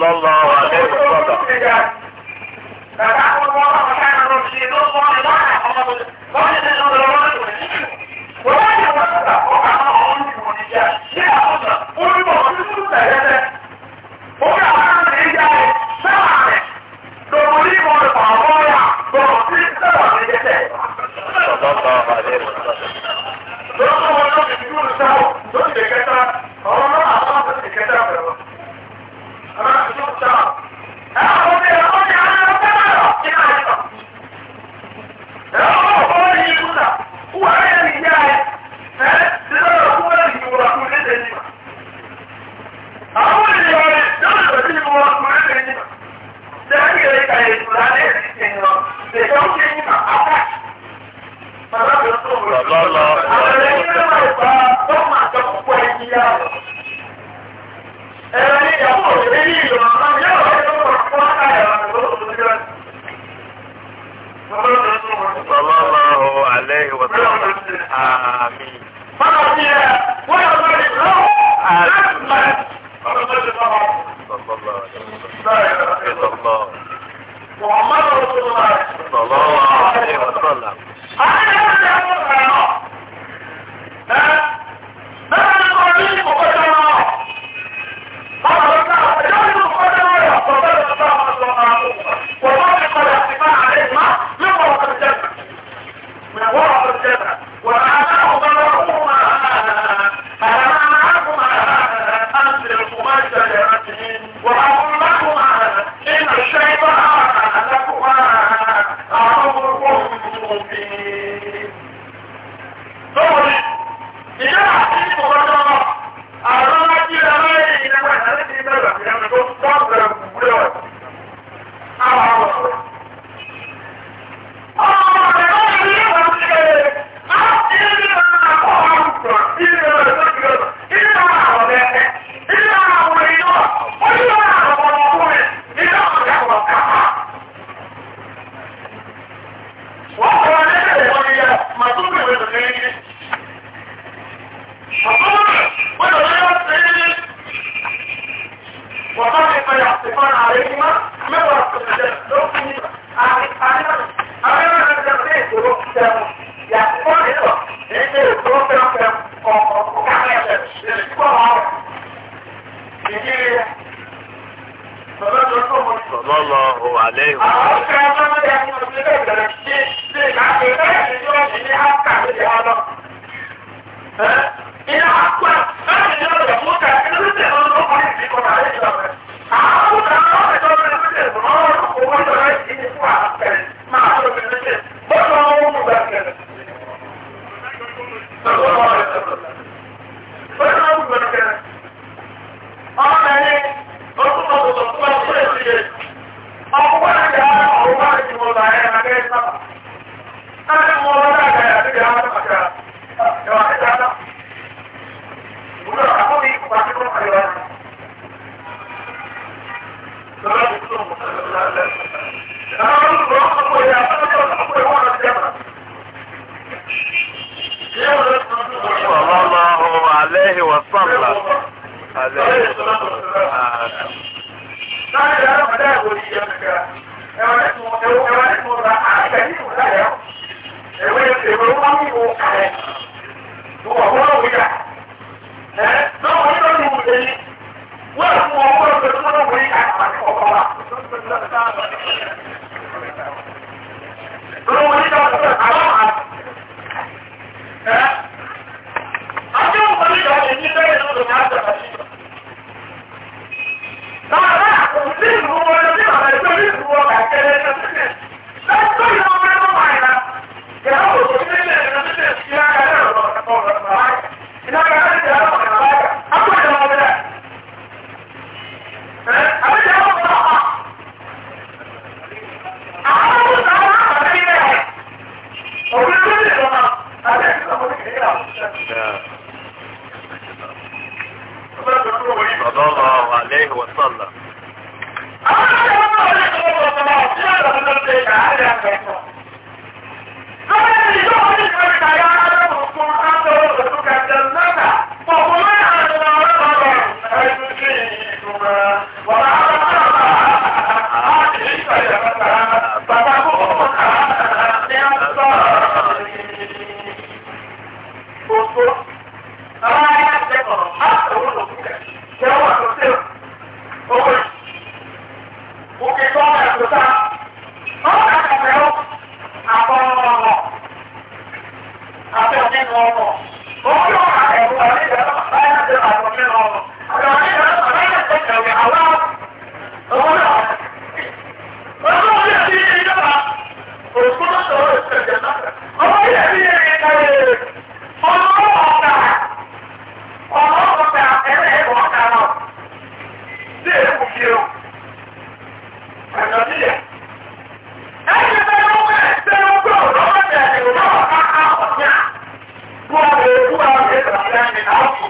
صلى الله عليه وسلم آمين فرضي ويوم الإسلام أسمت فرضي الله صلى الله عليه وسلم لا إله إلا الله محمد رسول الله صلى الله عليه وسلم ها thought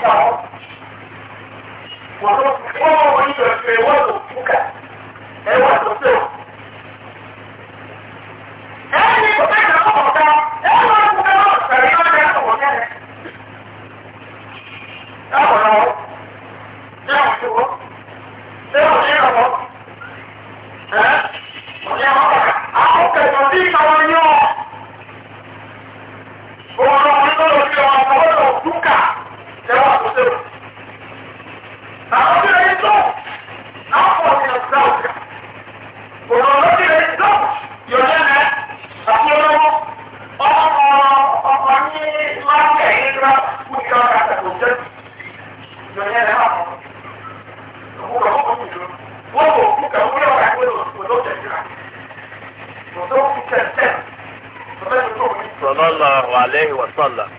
samu wato kuma wani da ke wato kuka ai wato الله عليه وسلم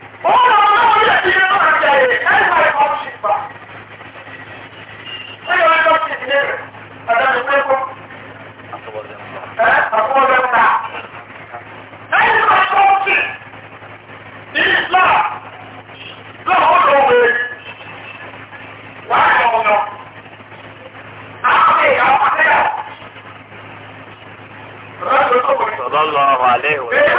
عليه وسلم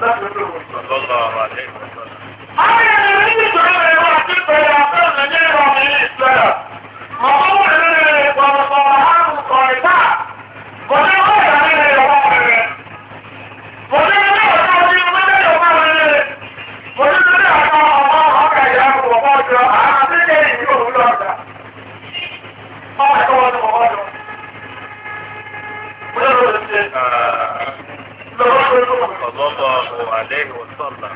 صلى الله عليه عليه وسلم.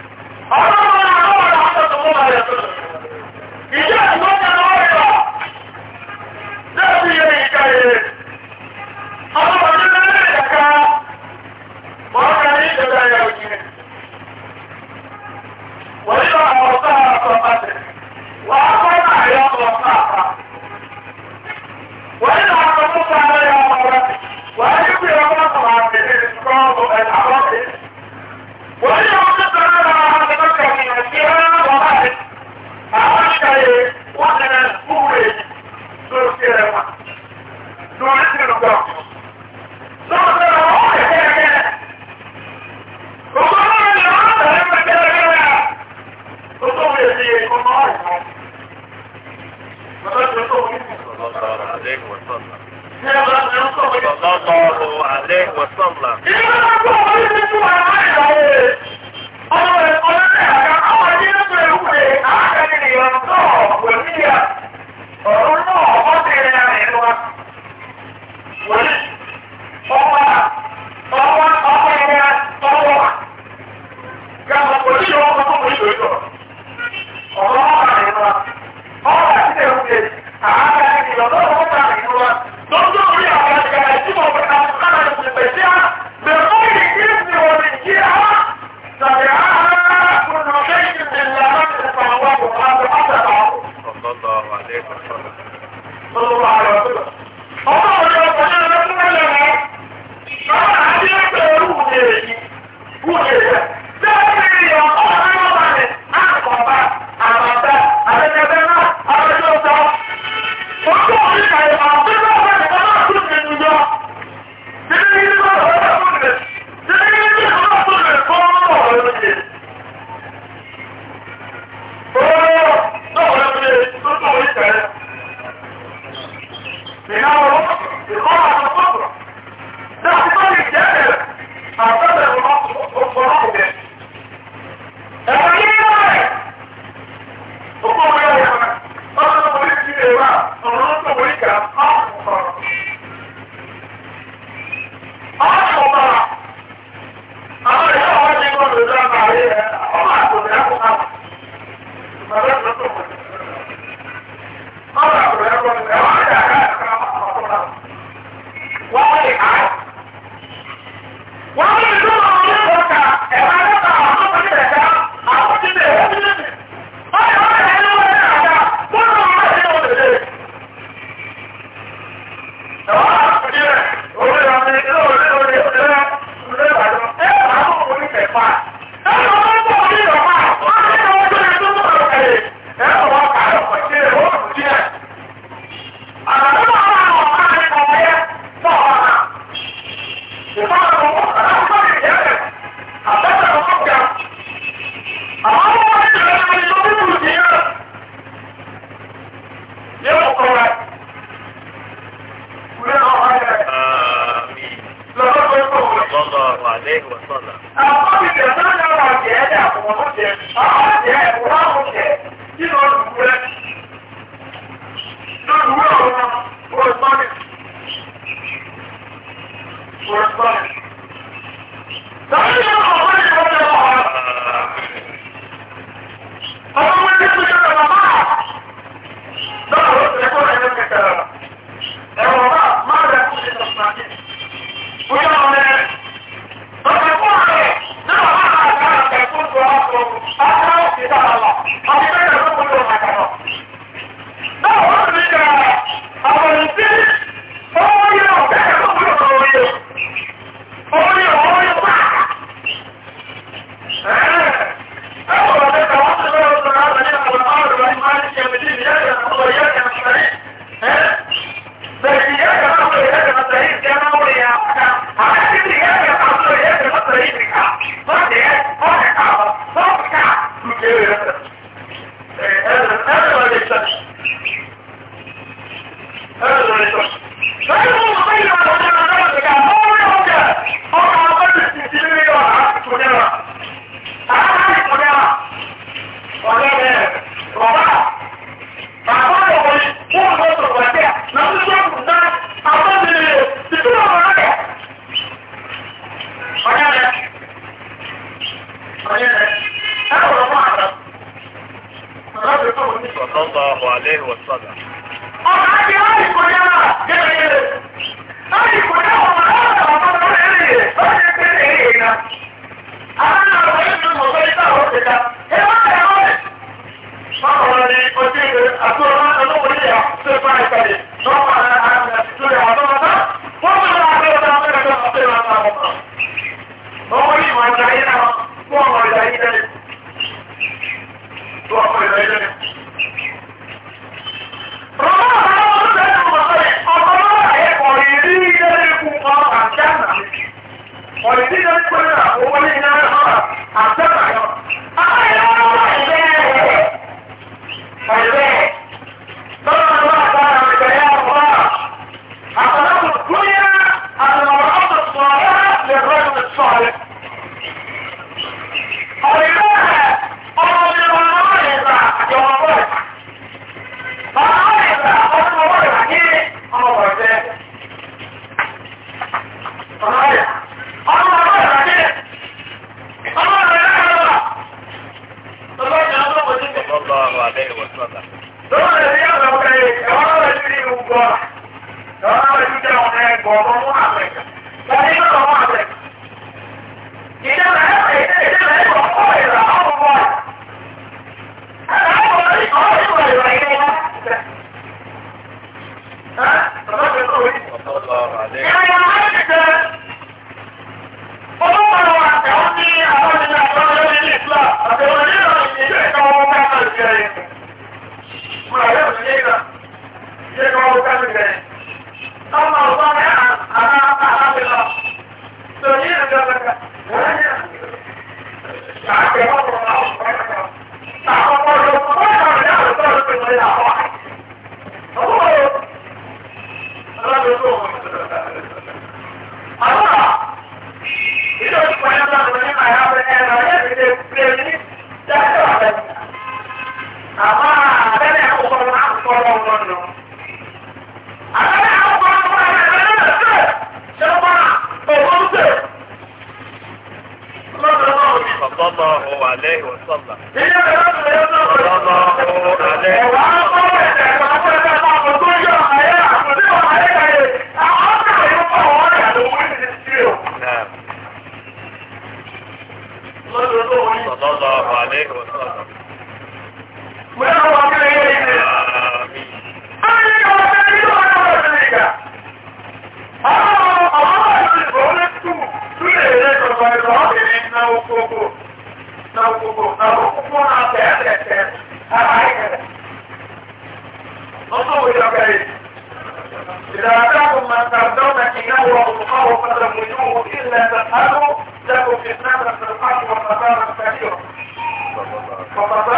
فقد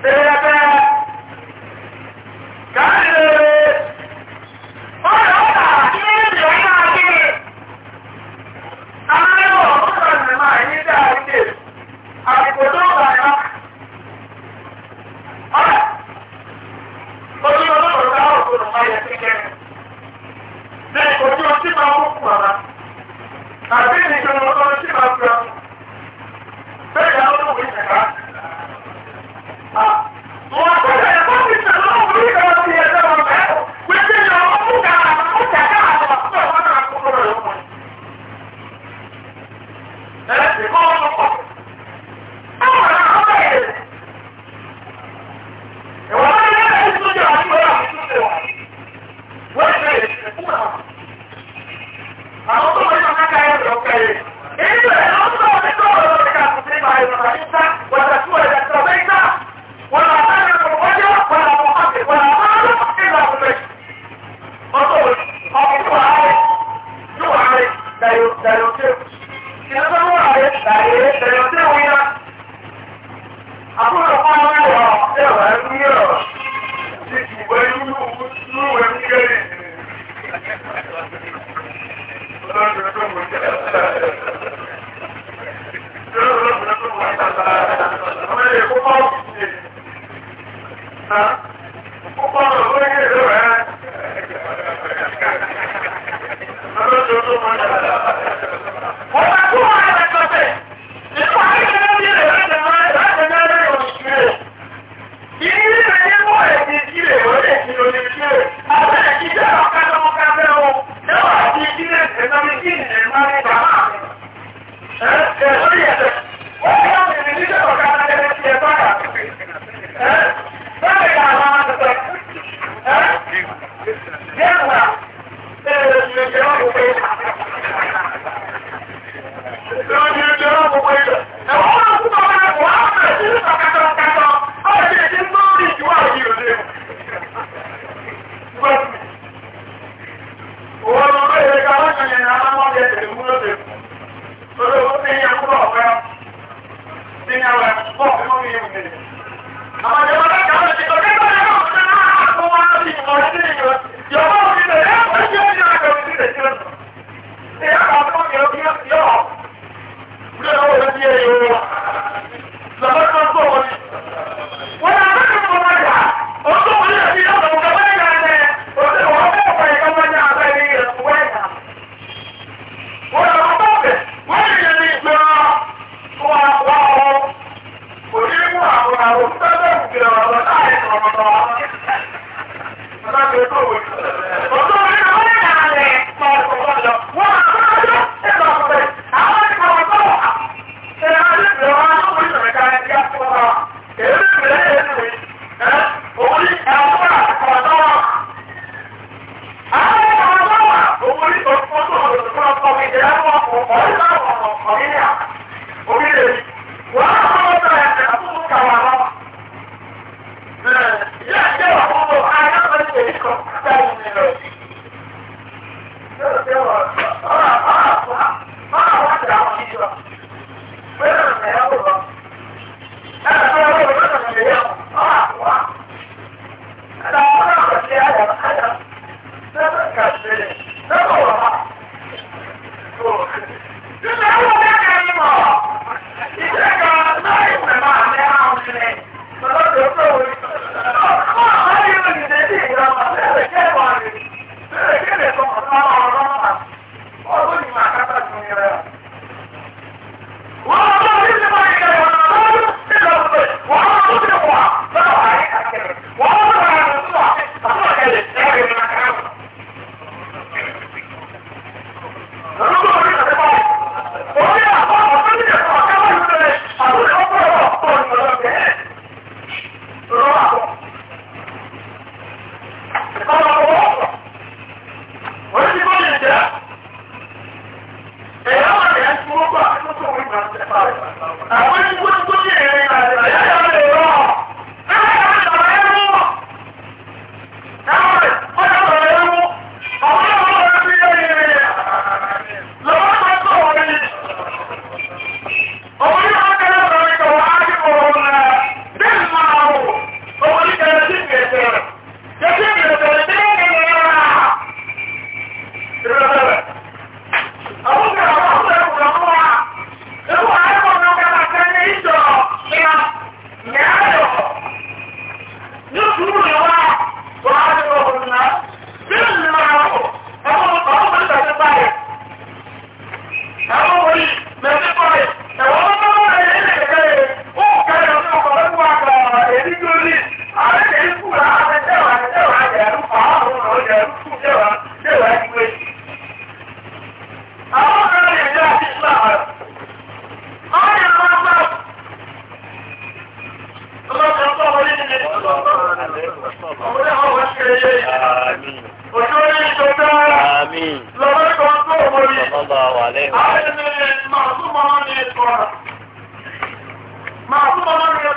Thank you.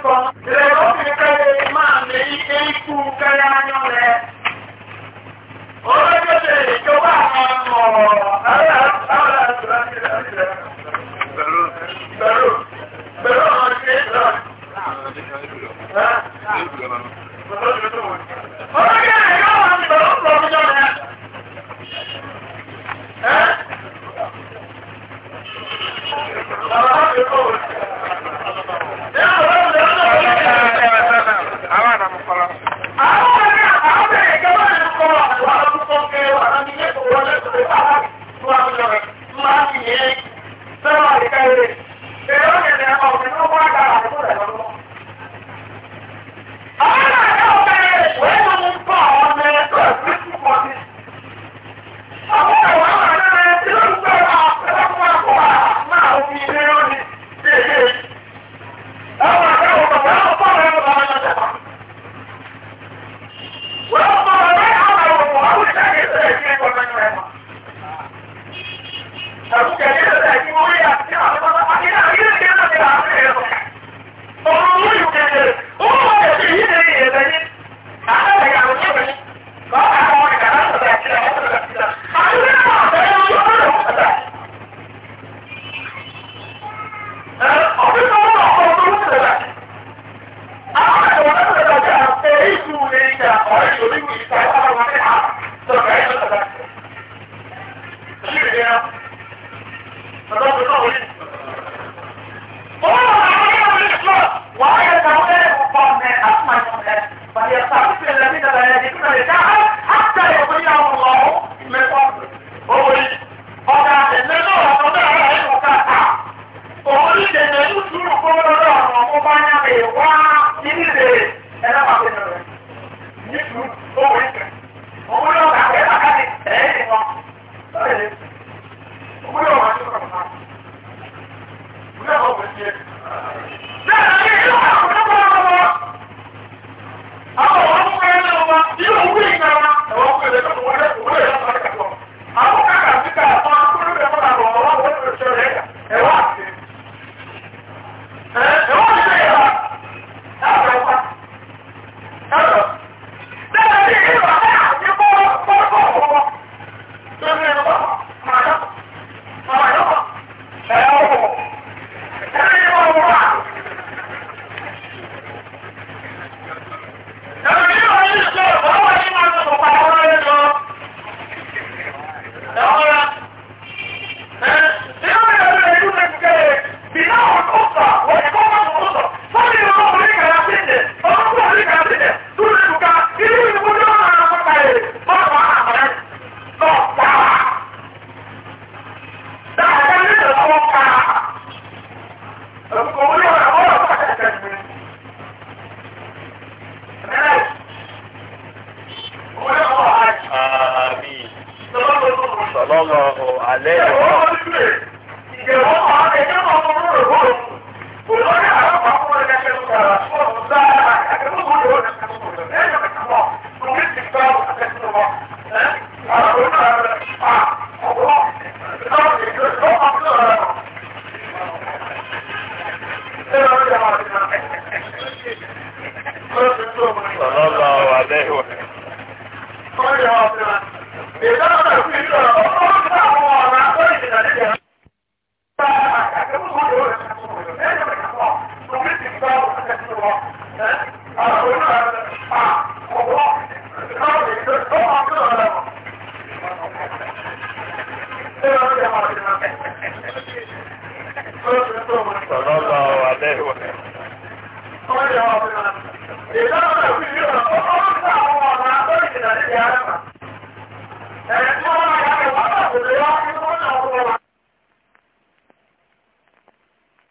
kọ. Lẹ́yìn òfin kẹ́lẹ́ máa lè ike ikú kẹ́lẹ́ ayọ́ rẹ̀. Olóyè lè jọba àwọn ọmọ ọ̀rọ̀ àwọn àtúrà sílẹ̀ sílẹ̀. Bẹ̀rù bẹ̀rù bẹ̀rù àwọn ọ̀rẹ́ lọ. Olóyè lè jọba. Deus.